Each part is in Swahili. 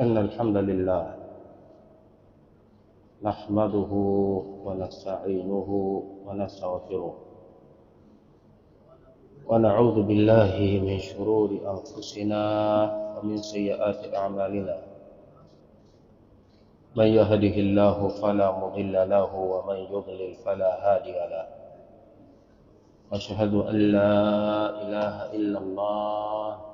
أن الحمد لله نحمده ونستعينه ونستغفره ونعوذ بالله من شرور أنفسنا ومن سيئات أعمالنا من يهده الله فلا مضل له ومن يضلل فلا هادي له واشهد أن لا إله إلا الله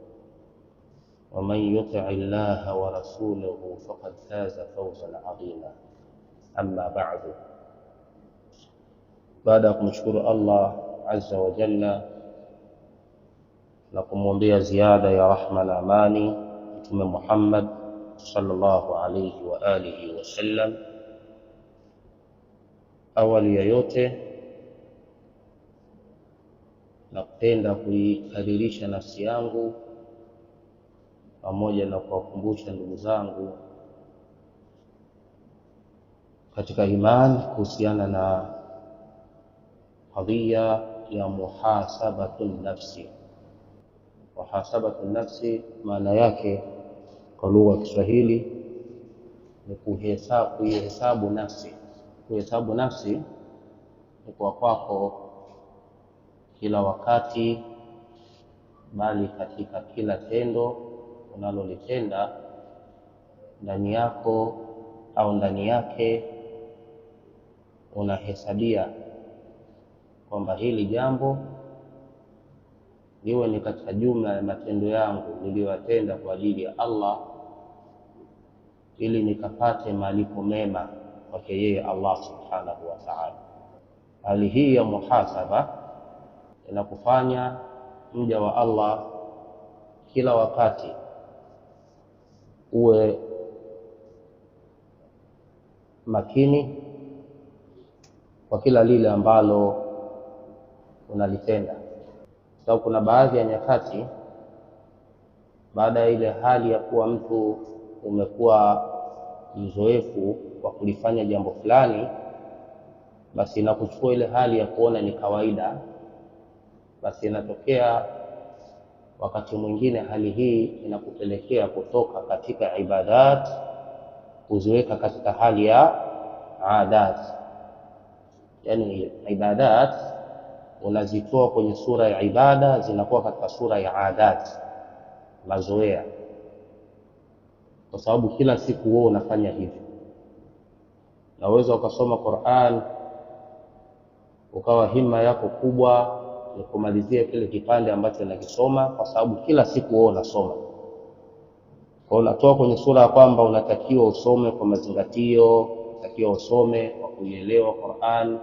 ومن يطع الله ورسوله فقد فاز فوزا عظيما اما بعد بعد ان نشكر الله عز وجل لكم ومضي زياده يا رحمه الاماني من محمد صلى الله عليه واله وسلم اول يوتي نقتل لكي ادريش نفسي يانغو pamoja na kuwakumbusha ndugu zangu katika imani kuhusiana na qadhiya ya muhasabatu nafsi. Muhasabatu nafsi maana yake kwa lugha ya Kiswahili ni kuhesabu, kuihesabu nafsi. Kuhesabu nafsi ni kwa kwako kila wakati, bali katika kila tendo unalolitenda ndani yako au ndani yake unahesabia kwamba hili jambo liwe ni katika jumla ya matendo yangu niliyoyatenda kwa ajili ya Allah ili nikapate malipo mema kwake yeye Allah subhanahu wa ta'ala. Hali hii ya muhasaba inakufanya mja wa Allah kila wakati uwe makini kwa kila lile ambalo unalitenda, sababu kuna baadhi ya nyakati baada ya ile hali ya kuwa mtu umekuwa mzoefu wa kulifanya jambo fulani, basi inakuchukua ile hali ya kuona ni kawaida, basi inatokea Wakati mwingine hali hii inakupelekea kutoka katika ibadat, kuziweka katika hali ya adat, yani ibadat unazitoa kwenye sura ya ibada, zinakuwa katika sura ya adat, mazoea, kwa sababu kila siku wewe unafanya hivyo. Naweza ukasoma Qur'an ukawa himma yako kubwa ya kumalizia kile kipande ambacho nakisoma, kwa sababu kila siku wewe unasoma. Kwa hiyo unatoa kwenye sura ya kwamba unatakiwa usome kwa mazingatio, unatakiwa usome kwa kuielewa Qur'an,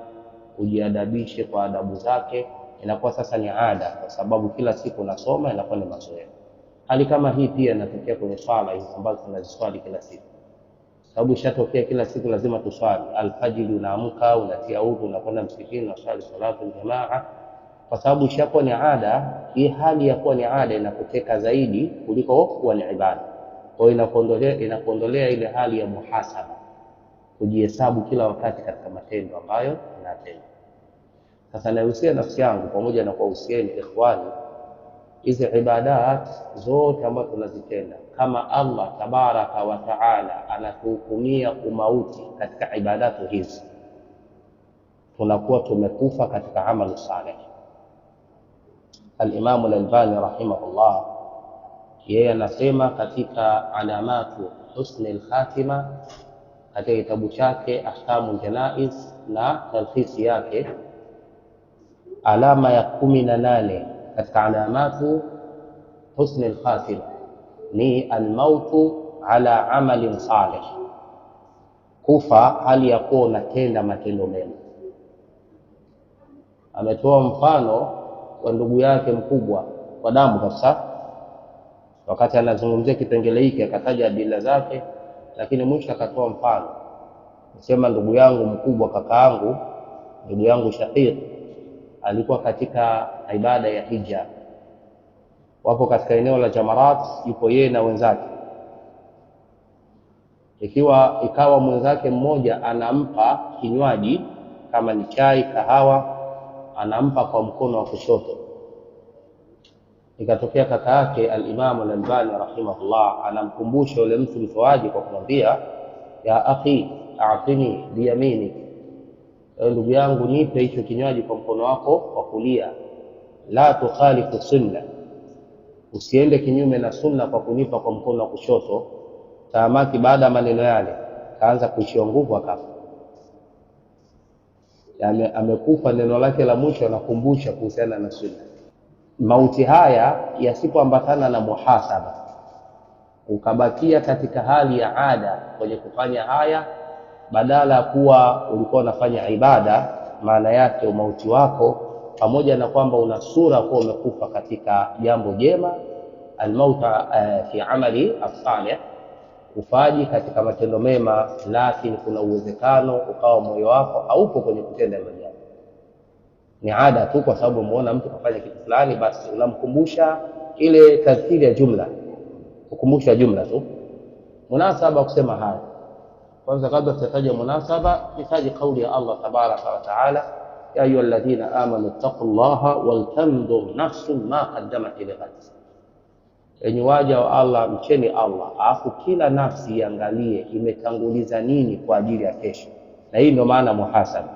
ujiadabishe kwa adabu zake. Inakuwa sasa ni ada, kwa sababu kila siku unasoma, inakuwa ni mazoea. Hali kama hii pia inatokea kwenye swala hizi ambazo tunaziswali kila siku sababu ishatokea kila siku lazima tuswali alfajiri, unaamka unatia udhu, unakwenda msikitini, unaswali salatu jamaa kwa sababu ishakuwa ni ada. Hii hali ya kuwa ni ada inakuteka zaidi kuliko kuwa ni ibada. Kwa hiyo inakuondolea inakuondolea ile hali ya muhasaba, kujihesabu kila wakati katika matendo ambayo unatenda. Sasa nahusia nafsi yangu pamoja na kuwahusieni ikhwani, hizi ibadat zote ambazo tunazitenda kama Allah tabaraka wa taala anatuhukumia umauti katika ibadatu hizi, tunakuwa tumekufa katika amali saleh Alimamu lalbani albani rahimahullah, yeye anasema katika alamatu husni lkhatima katika kitabu chake Ahkamu Janais na talkhisi yake, alama ya kumi na nane katika alamatu husni lkhatima ni almautu ala amalin saleh kufa hali ya kuwa unatenda matendo mema. Ametoa mfano wa ndugu yake mkubwa kwa damu kabisa. Wakati anazungumzia kipengele hiki akataja adila zake, lakini mwisho akatoa mfano sema, ndugu yangu mkubwa, kakaangu, ndugu yangu shahir alikuwa katika ibada ya hija, wapo katika eneo la Jamarat, yupo yeye na wenzake. Ikiwa ikawa mwenzake mmoja anampa kinywaji kama ni chai, kahawa anampa kwa mkono wa kushoto. Ikatokea kaka yake Alimamu Alalbani rahimahullah anamkumbusha yule mtu mtoaji kwa kumwambia ya akhi atini biyaminik, e, ndugu yangu nipe hicho kinywaji kwa mkono wako wa kulia. La tukhalifu sunna, usiende kinyume na sunna kwa kunipa kwa mkono wa kushoto. Taamaki baada ya maneno yale kaanza kuishiwa nguvu akafa amekufa, neno lake la mwisho anakumbusha kuhusiana na sunna. Mauti haya yasipoambatana na muhasaba, ukabakia katika hali ya ada kwenye kufanya haya, badala ya kuwa ulikuwa unafanya ibada, maana yake umauti wako pamoja na kwamba una sura kuwa umekufa katika jambo jema, almauta uh, fi amali as-salih ufaji katika matendo mema, lakini kuna uwezekano ukawa moyo wako haupo kwenye kutenda hilo jambo. Ni ada tu, kwa sababu umeona mtu kafanya kitu fulani, basi unamkumbusha ile tafsiri ya jumla, ukumbusha jumla tu. Munasaba kusema haya, kwanza kabla tutataja munasaba, nitaje kauli ya Allah tabaraka wa taala, ya ayyuhalladhina amanu taqullaha waltanzur nafsun ma qaddamat lighad Enyi waja wa Allah, mcheni Allah, alafu kila nafsi iangalie imetanguliza nini kwa ajili ya kesho. Na hii ndio maana muhasaba,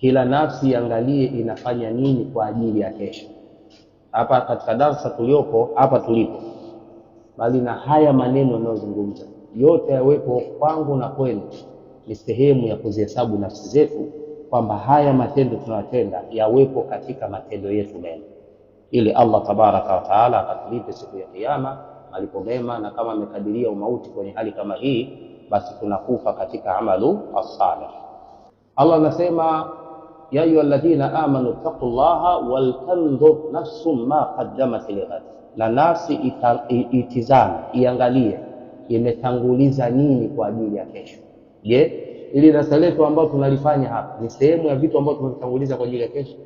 kila nafsi iangalie inafanya nini kwa ajili ya kesho. Hapa katika darasa tuliopo hapa tulipo, bali na haya maneno yanayozungumza yote yawepo kwangu na kwenu, ni sehemu ya kuzihesabu nafsi zetu kwamba haya matendo tunayotenda yawepo katika matendo yetu mema ili Allah tabaraka wa taala akatulipe siku ya Kiyama malipo mema, na kama amekadiria umauti kwenye hali kama hii, basi tunakufa katika amalu as-salih. Allah anasema ya ayyuha alladhina amanu taqullaha waltanzur nafsum ma qaddamat lighad, na nafsi itizame iangalie imetanguliza nini kwa ajili ya kesho. Je, ili darasa letu ambalo tunalifanya hapa ni sehemu ya vitu ambavyo tumevitanguliza kwa ajili ya kesho?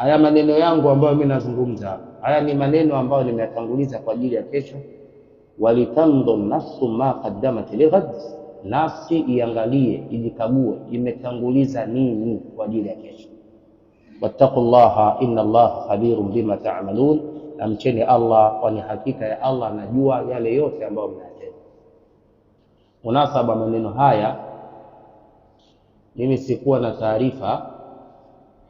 Haya maneno yangu ambayo mimi nazungumza haya ni maneno ambayo nimeyatanguliza kwa ajili ya kesho. Walitandhur nafsu ma qaddamat lighad, nafsi iangalie, ijikague, imetanguliza nini kwa ajili ya kesho. Wattaqullaha inna Allaha khabirun bima ta'malun, na mcheni Allah, kwani hakika ya Allah anajua yale yote ambayo mnayatenda. Munasaba maneno haya, mimi sikuwa na taarifa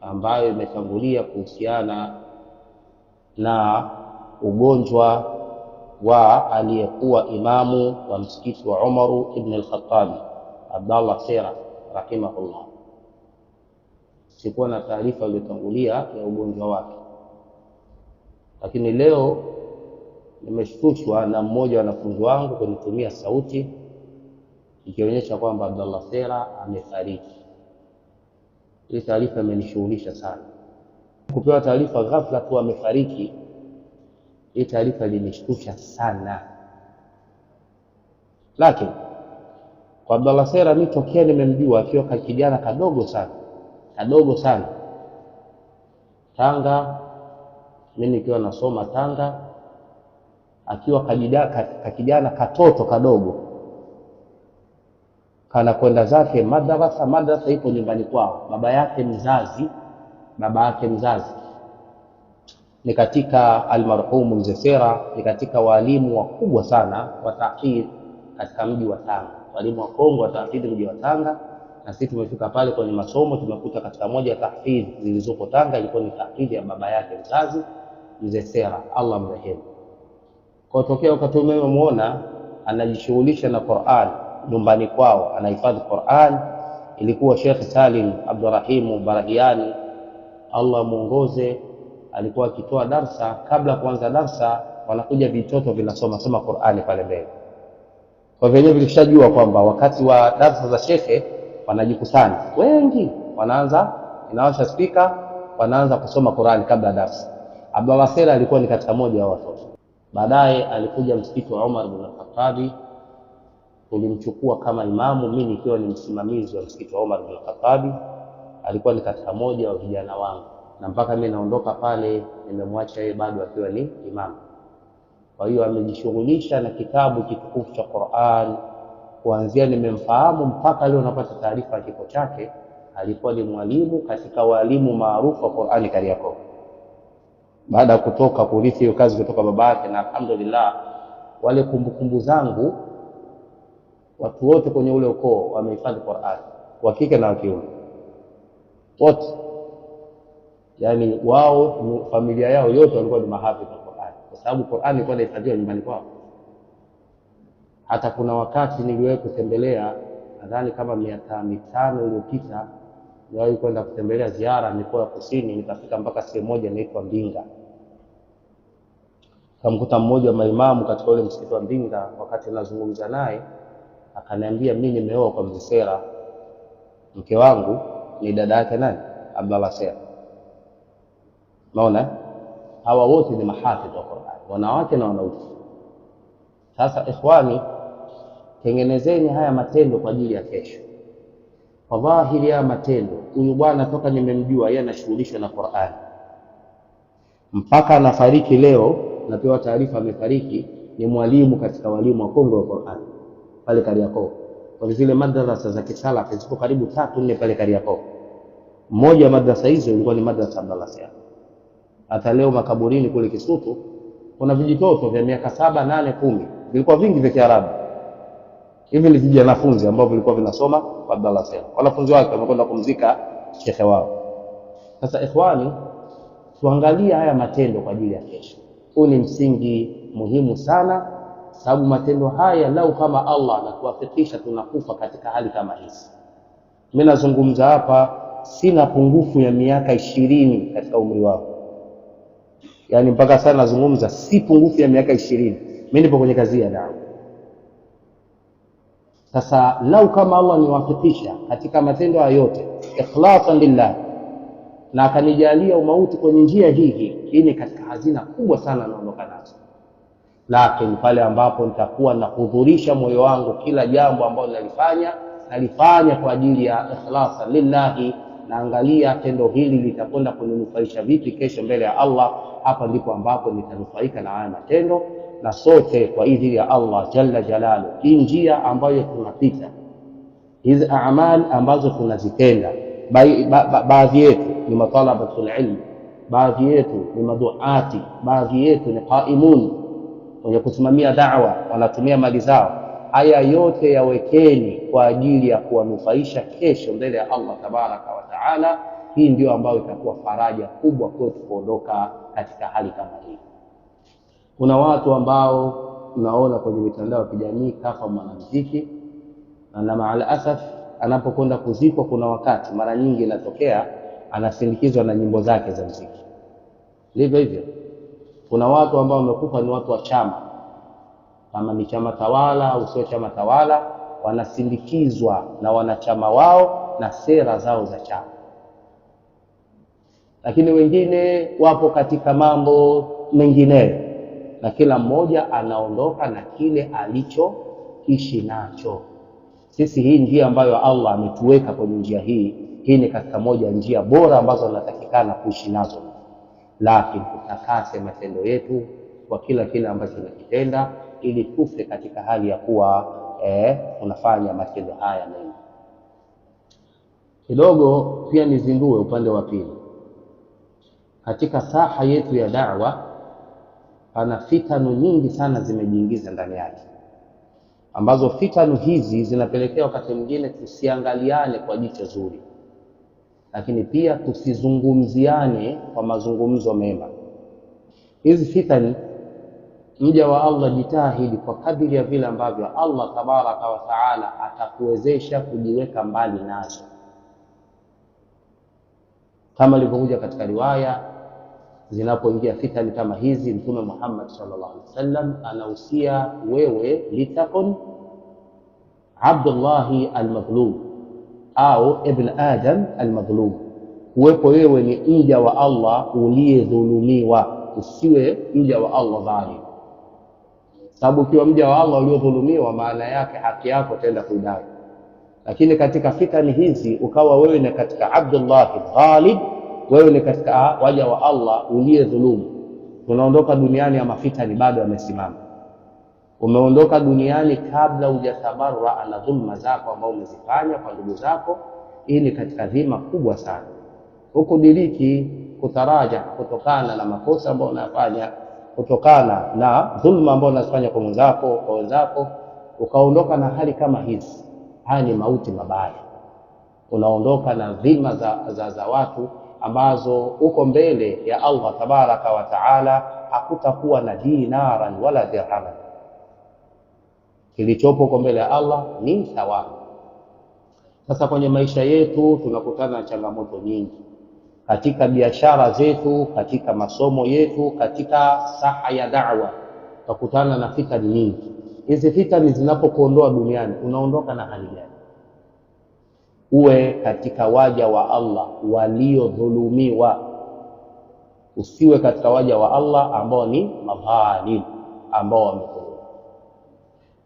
ambayo imetangulia kuhusiana na ugonjwa wa aliyekuwa imamu wa msikiti wa Umaru ibn al-Khattabi Abdallah Sera rahimahullah. Sikuwa na taarifa iliyotangulia ya ugonjwa wake, lakini leo nimeshtushwa na mmoja wa wanafunzi wangu kunitumia sauti ikionyesha kwamba Abdallah Sera amefariki. Ile taarifa imenishughulisha sana, kupewa taarifa ghafla tu amefariki. Ile taarifa ilinishtusha sana, lakini kwa Abdallah Sera mimi tokea nimemjua akiwa kijana kadogo sana kadogo sana Tanga, mimi nikiwa nasoma Tanga, akiwa kijana katoto kadogo kana kwenda zake madrasa. Madrasa ipo nyumbani kwao, baba yake mzazi, baba yake mzazi ni katika almarhumu mzee Sera, ni katika walimu wakubwa sana wa tahfidh katika mji wa Tanga, walimu wa Kongo wa tahfidh mji wa Tanga. Na sisi tumefika pale kwenye masomo, tumekuta katika moja ya tahfidh zilizoko Tanga ilikuwa ni tahfidh ya baba yake mzazi mzee Sera, Allah mrehemu. Kwa tokea wakati umemwona anajishughulisha na Qur'an nyumbani kwao anahifadhi Qur'an. Ilikuwa Sheikh Salim Abdurrahim Barahiani, Allah muongoze, alikuwa akitoa darsa. Kabla kuanza darsa, wanakuja vitoto vinasoma soma Qur'ani pale mbele, kwa vyenyewe vilishajua kwamba wakati wa darsa za shekhe wanajikusanya wengi, wanaanza inawasha spika, wanaanza kusoma Qur'ani kabla darsa. Abdallah Sera alikuwa ni katika moja wa watoto. Baadaye alikuja msikiti wa Umar bin Khattabi tulimchukua kama imamu mimi nikiwa ni msimamizi wa msikiti wa Omar bin Khattab, alikuwa ni katika moja wa vijana wangu, na mpaka mimi naondoka pale nimemwacha yeye bado akiwa ni imamu. Kwa hiyo amejishughulisha na kitabu kitukufu cha Qur'an kuanzia nimemfahamu mpaka leo napata taarifa ya kifo chake. Alikuwa ni mwalimu katika walimu maarufu wa Qur'ani Kariakoo, baada ya kutoka kurithi hiyo kazi kutoka baba yake, na alhamdulillah wale kumbukumbu kumbu zangu watu wote kwenye ule ukoo wamehifadhi Qur'an, wa kike na wa kiume wote. Yani wao familia yao yote walikuwa ni mahafidh wa Qur'an, kwa sababu Qur'an ilikuwa inahifadhiwa nyumbani kwao. Hata kuna wakati niliwahi kutembelea, nadhani kama miaka mitano iliyopita, niliwahi kwenda kutembelea ziara mikoa ya kusini, nikafika mpaka sehemu moja inaitwa Mbinga kamkuta mmoja wa maimamu katika ule msikiti wa Mbinga. Wakati nazungumza naye akaniambia, mimi nimeoa kwa Sera, mke wangu ni dada yake nani, Abdallah Sera. Maona hawa wote ni mahafidh wa Qur'ani, wanawake na wanaume. Sasa ikhwani, tengenezeni haya matendo kwa ajili ya kesho. Kwa dhahiri ya matendo, huyu bwana toka nimemjua yeye anashughulishwa na Qur'ani mpaka anafariki leo, napewa taarifa amefariki, ni mwalimu katika walimu wakongwe wa Qur'ani pale Kariakoo. Kwa zile madrasa za kisalafi ziko karibu tatu nne pale Kariakoo. Mmoja wa madrasa hizo ilikuwa ni madrasa Abdallah Siala. Hata leo makaburini kule Kisutu kuna vijitoto vya miaka saba, nane, kumi vilikuwa vingi vya Kiarabu. Hivi ni vijanafunzi ambao vilikuwa vinasoma kwa Abdallah Siala, wanafunzi wake wamekwenda kumzika shekhe wao. Sasa ikhwani, tuangalie haya matendo kwa ajili ya kesho. Huu ni msingi muhimu sana sababu matendo haya lau kama Allah anatuwafikisha tunakufa katika hali kama hizi. Mimi nazungumza hapa, sina pungufu ya miaka ishirini katika umri wako, yaani mpaka sasa nazungumza, si pungufu ya miaka ishirini. Mimi nipo kwenye kazi ya dawa. Sasa lau kama Allah niwafikisha katika matendo hayo yote ikhlasan lillah na akanijalia umauti kwenye njia hii hii, ni katika hazina kubwa sana naondoka nazo lakini pale ambapo nitakuwa nahudhurisha moyo wangu kila jambo ambalo nalifanya nalifanya kwa ajili ya ikhlasa lillahi, naangalia tendo hili litakwenda kuninufaisha vipi kesho mbele ya Allah. Hapa ndipo ambapo nitanufaika na haya matendo, na sote kwa idhini ya Allah jalla jalalu, hii njia ambayo tunapita, hizi amali ambazo tunazitenda, baadhi yetu ni matalabatul ilmi, baadhi yetu ni maduati, baadhi yetu ni qaimun wenye kusimamia da'wa wanatumia mali zao. Haya yote yawekeni kwa ajili ya kuwanufaisha kesho mbele ya Allah tabaraka wa taala. Hii ndio ambayo itakuwa faraja kubwa kwetu kuondoka katika hali kama hii. Kuna watu ambao tunaona kwenye mitandao ya kijamii kafa mwanamuziki, na maal asaf anapokwenda kuzikwa, kuna wakati mara nyingi inatokea anasindikizwa na nyimbo zake za muziki, ndivyo hivyo kuna watu ambao wamekufa ni watu wa chama, kama ni chama tawala au sio chama tawala, wanasindikizwa na wanachama wao na sera zao za chama. Lakini wengine wapo katika mambo mengineyo, na kila mmoja anaondoka na kile alichoishi nacho. Sisi hii njia ambayo Allah ametuweka kwenye njia hii, hii ni katika moja njia bora ambazo anatakikana kuishi nazo lakini tutakase matendo yetu kwa kila kile ambacho tunakitenda, ili tufe katika hali ya kuwa eh, tunafanya matendo haya mema. Kidogo pia nizindue upande wa pili, katika saha yetu ya da'wa pana fitanu nyingi sana zimejiingiza ndani yake, ambazo fitanu hizi zinapelekea wakati mwingine tusiangaliane kwa jicho zuri lakini pia tusizungumziane kwa mazungumzo mema. Hizi fitani, mja wa Allah jitahidi kwa kadiri ya vile ambavyo Allah tabaraka wa taala atakuwezesha kujiweka mbali nazo, kama ilivyokuja katika riwaya zinapoingia fitani kama hizi, Mtume Muhammad sallallahu alaihi wasallam anahusia wewe, litakun Abdullahi almaghlub au ibn adam almadhlum, uwepo wewe ni mja wa Allah uliyedhulumiwa, usiwe mja wa Allah dhalim, sababu ukiwa mja wa Allah uliodhulumiwa, maana yake haki yako utaenda kuidai. Lakini katika fitani hizi ukawa wewe ni katika abdullahi ghalib, wewe ni katika waja wa Allah uliyedhulumu, tunaondoka duniani ya mafitani bado yamesimama umeondoka duniani kabla hujatabarra ala dhulma zako ambao umezifanya kwa ndugu zako. Hii ni katika dhima kubwa sana, hukudiriki kutaraja kutokana na makosa ambayo unayafanya, kutokana na dhulma ambayo unazifanya kwa mwenzako, kwa wenzako, ukaondoka na hali kama hizi. Haya ni mauti mabaya, unaondoka na dhima za, za, za watu ambazo uko mbele ya Allah tabaraka wa taala, hakutakuwa na dinaran wala dirhaman kilichopo kwa mbele ya Allah ni thawabu. Sasa kwenye maisha yetu tunakutana na changamoto nyingi, katika biashara zetu, katika masomo yetu, katika saha ya da'wa tunakutana na fitani nyingi. Hizi fitani zinapokuondoa duniani unaondoka na hali gani? Uwe katika waja wa Allah waliodhulumiwa, usiwe katika waja wa Allah ambao ni madhalim, ambao wame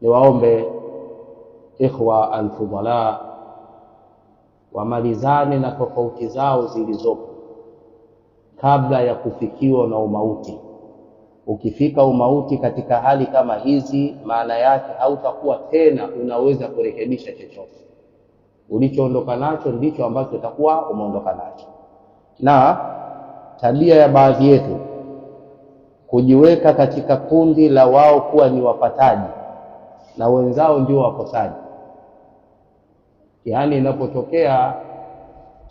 Niwaombe ikhwa alfudala wamalizane na tofauti zao zilizopo kabla ya kufikiwa na umauti. Ukifika umauti katika hali kama hizi, maana yake hautakuwa tena unaweza kurekebisha chochote. Ulichoondoka nacho ndicho ambacho utakuwa umeondoka nacho, na tabia ya baadhi yetu kujiweka katika kundi la wao kuwa ni wapataji na wenzao ndio wakosaji. Yaani, inapotokea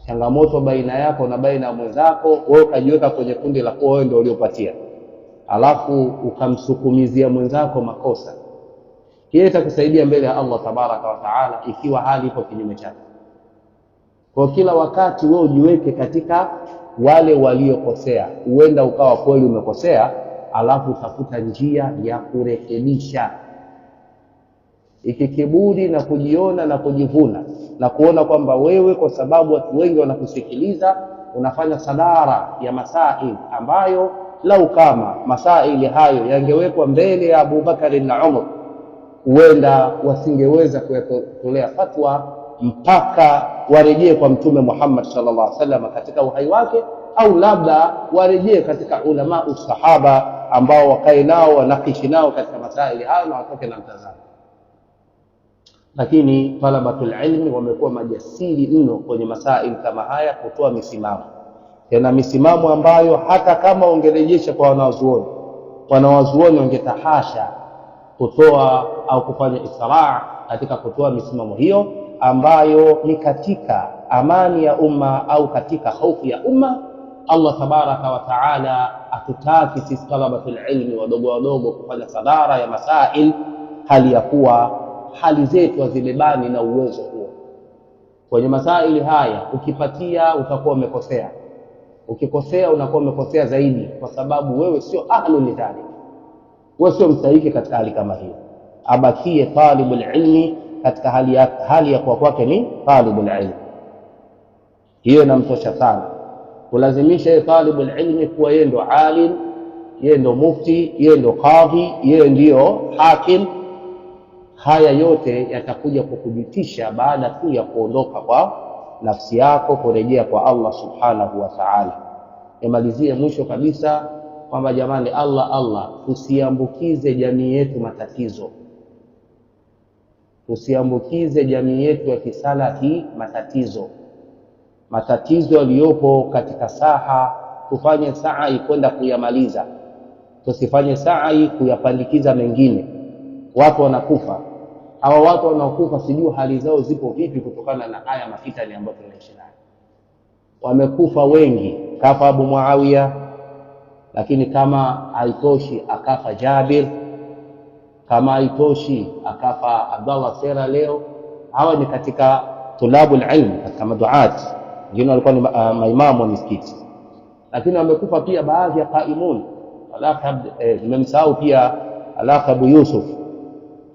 changamoto baina yako na baina ya mwenzako, wewe ukajiweka kwenye kundi la kuwa wewe ndio uliopatia, alafu ukamsukumizia mwenzako makosa, kile itakusaidia mbele ya Allah tabaraka wa taala, ikiwa hali ipo kinyume chake. Kwa kila wakati wewe ujiweke katika wale waliokosea. Huenda ukawa kweli umekosea, alafu utafuta njia ya kurekebisha ikikibudi na kujiona na kujivuna na kuona kwamba wewe, kwa sababu watu wengi wanakusikiliza, unafanya sadara ya masail ambayo lau kama masaili hayo yangewekwa mbele ya Abubakari na Umar, huenda wasingeweza kuyatolea fatwa mpaka warejee kwa Mtume Muhammad sallallahu alaihi wasallam katika uhai wake, au labda warejee katika ulama usahaba ambao wakae nao wanakishi nao katika masaili hayo na watoke na mtazamo lakini talabatul ilmi wamekuwa majasiri mno kwenye masaili kama haya, kutoa misimamo, tena misimamo ambayo hata kama ungerejesha kwa wanawazuoni, wanawazuoni wangetahasha kutoa au kufanya israa katika kutoa misimamo hiyo ambayo ni katika amani ya umma au katika hofu ya umma. Allah tabaraka wa taala atutaki sisi talabatul ilmi wadogo wadogo kufanya sadara ya masail hali ya kuwa hali zetu hazibebani na uwezo huo. Kwenye masaili haya ukipatia utakuwa umekosea, ukikosea unakuwa umekosea zaidi, kwa sababu wewe sio ahlu lidhalik, wewe sio mstahiki katika hali kama hiyo. Abakie talibul ilmi katika hali ya, hali ya kuwa kwake ni talibul ilmi, hiyo inamtosha sana. Kulazimisha yeye talibul ilmi kuwa yeye ndo alim, yeye ndo mufti, yeye ndo qadhi, yeye ndiyo hakim Haya yote yatakuja kukujutisha baada tu ya kuondoka kwa nafsi yako kurejea kwa Allah subhanahu wa ta'ala. Nimalizie mwisho kabisa kwamba jamani, Allah Allah, tusiambukize jamii yetu matatizo, tusiambukize jamii yetu ya kisalaki matatizo, matatizo yaliyopo katika saha. Tufanye saai kwenda kuyamaliza, tusifanye saai kuyapandikiza mengine. Watu wanakufa hawa watu wanaokufa sijui hali zao zipo vipi, kutokana na haya mafitani ambayo tunaishi nayo. Wamekufa wengi, kafa Abu Muawiya, lakini kama haitoshi akafa Jabir, kama haitoshi akafa Abdallah Sera. Leo hawa ni katika tulabu ilm, katika maduat, wengine walikuwa ni uh, maimamu wa misikiti, lakini wamekufa pia baadhi ya qaimun. Eh, nimemsahau pia Alaka Abu Yusuf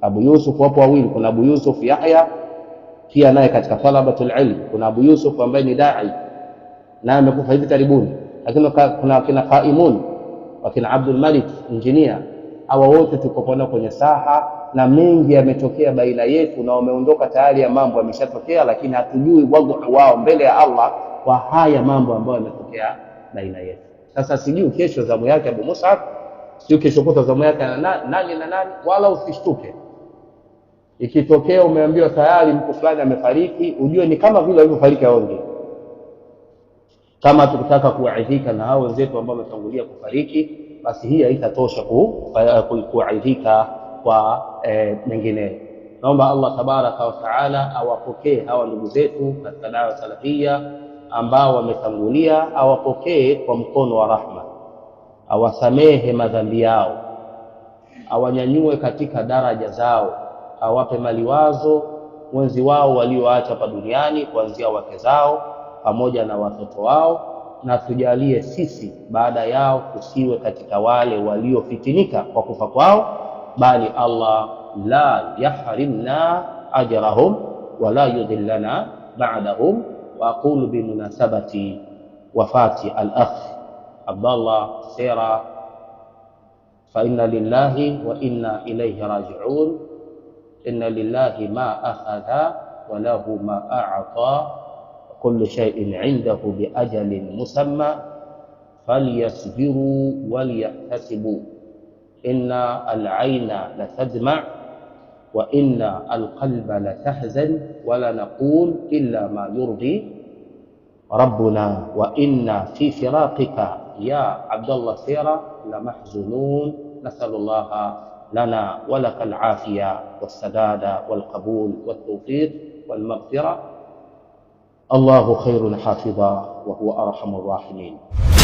Abu Yusuf, wapo wawili, kuna Abu Yusuf Yahya pia naye katika talabatul ilm, kuna Abu Yusuf ambaye ni dai naye amekufa hivi karibuni, lakini kuna wakina Qaimun, wakina Abdul Malik injinia, hawa wote tuko nao kwenye saha na mengi yametokea baina yetu na wameondoka tayari, ya mambo yameshatokea, lakini hatujui wadhu wao mbele ya Allah kwa haya mambo ambayo yametokea baina yetu. Sasa sijui kesho zamu yake Abu musa sijui kesho kuta zamu yake nani na nani, wala usishtuke. Ikitokea umeambiwa tayari mtu fulani amefariki, ujue ni kama vile walivyofariki aonge. Kama tukitaka kuaidhika na hao wenzetu ambao wametangulia kufariki, basi hii haitatosha kuaidhika kwa e, mengineyo. E, naomba Allah tabaraka wa taala awapokee hawa ndugu zetu katika dawa salafia ambao wametangulia, awapokee kwa mkono wa rahma, awasamehe madhambi yao, awanyanyue katika daraja zao awape maliwazo wenzi wao walioacha hapa duniani, kuanzia wake zao pamoja na watoto wao, na tujalie sisi baada yao kusiwe katika wale waliofitinika kwa kufa kwao, bali Allah la yahrimna ajrahum wala yudhillana ba'dahum. Wa aqulu bimunasabati wafati al-akh Abdallah Sera, fa inna lillahi wa inna ilayhi raji'un. إن لله ما أخذ وله ما أعطى كل شيء عنده بأجل مسمى فليصبروا وليحتسبوا إن العين لتدمع وإن القلب لتحزن ولا نقول إلا ما يرضي ربنا وإنا في فراقك يا عبد الله سيرة لمحزونون نسأل الله لنا ولك العافية والسداد والقبول والتوفيق والمغفرة الله خير حافظا وهو أرحم الراحمين